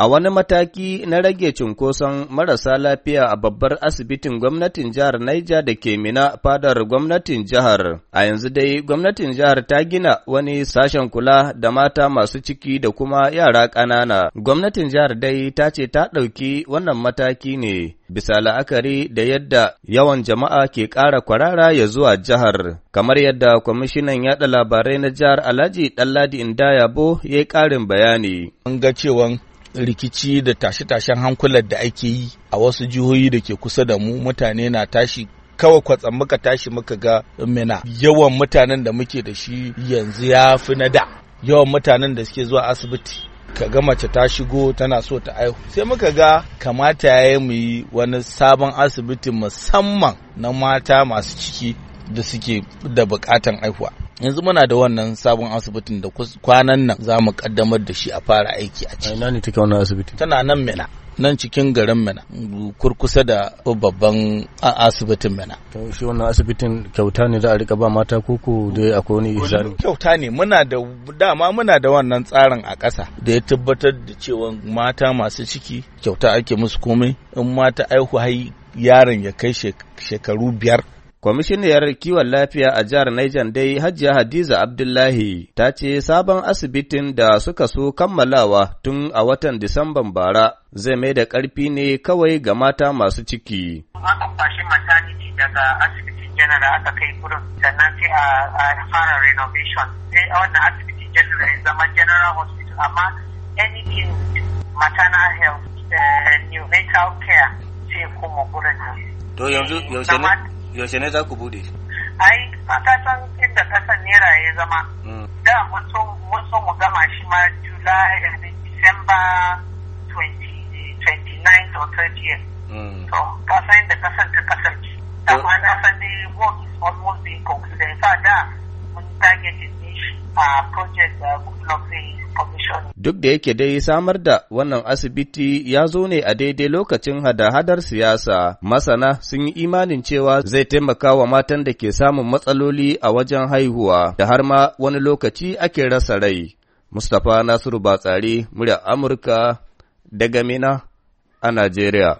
A wani mataki na rage cunkoson marasa lafiya a babbar asibitin gwamnatin jihar Naija da ke mina fadar gwamnatin jihar, a yanzu dai gwamnatin jihar ta gina wani sashen kula da mata masu ciki da kuma yara ƙanana. Gwamnatin jihar dai ta ce ta ɗauki wannan mataki ne bisa la'akari da yadda yawan jama'a ke ƙara kwarara ya zuwa jihar, kamar yadda kwamishinan yaɗa labarai na jihar Alhaji Ɗanladi Indayabo ya yi ƙarin bayani. An ga cewa rikici da tashe-tashen hankulan da ake yi a wasu jihohi da ke kusa da mu mutane na tashi kawai kwatsam muka tashi muka ga mina yawan mutanen da muke da shi yanzu ya fi na da yawan mutanen da suke zuwa asibiti ka ga mace ta shigo tana so ta aihu sai muka ga kamata ya yi mu yi wani sabon asibiti musamman na mata masu ciki da suke da bukatan aihuwa yanzu muna da wannan sabon asibitin da kwanan nan za mu kaddamar da shi a fara aiki a ciki. Ina ne take wannan asibiti? Tana nan Mina. nan cikin garin Mina kurkusa da babban asibitin Mina. Shi wannan asibitin kyauta ne za a rika ba mata koko da akwai wani izari. Kyauta ne muna da dama muna da wannan tsarin a ƙasa da ya tabbatar da cewa mata masu ciki kyauta ake musu komai in mata aihu hai yaron ya kai shekaru biyar Kwamishiniyar kiwon lafiya a jihar Niger dai Hajiya Hadiza Abdullahi ta ce sabon asibitin da suka so kammalawa tun a watan Disamban bara zai mai da ƙarfi ne kawai ga mata masu ciki. Aka kwashe maternity daga asibitin general aka kai gurin sannan sai a fara renovation sai a wannan asibitin general zama general hospital amma anything maternal health eh, neonatal care sai kuma gurin. To yanzu yaushe ne? yaushe ne za ku bude ai ka san inda kasan naira ya zama hmm. da mun so mu gama shi ma july december 20 29 or 30 to hmm. ka san Duk da yake dai samar da wannan asibiti ya zo ne a daidai lokacin hada-hadar siyasa, masana sun yi imanin cewa zai taimaka wa matan da ke samun matsaloli a wajen haihuwa da har ma wani lokaci ake rasa rai. Mustapha Nasiru Batsari, murya Amurka daga Mina a Najeriya.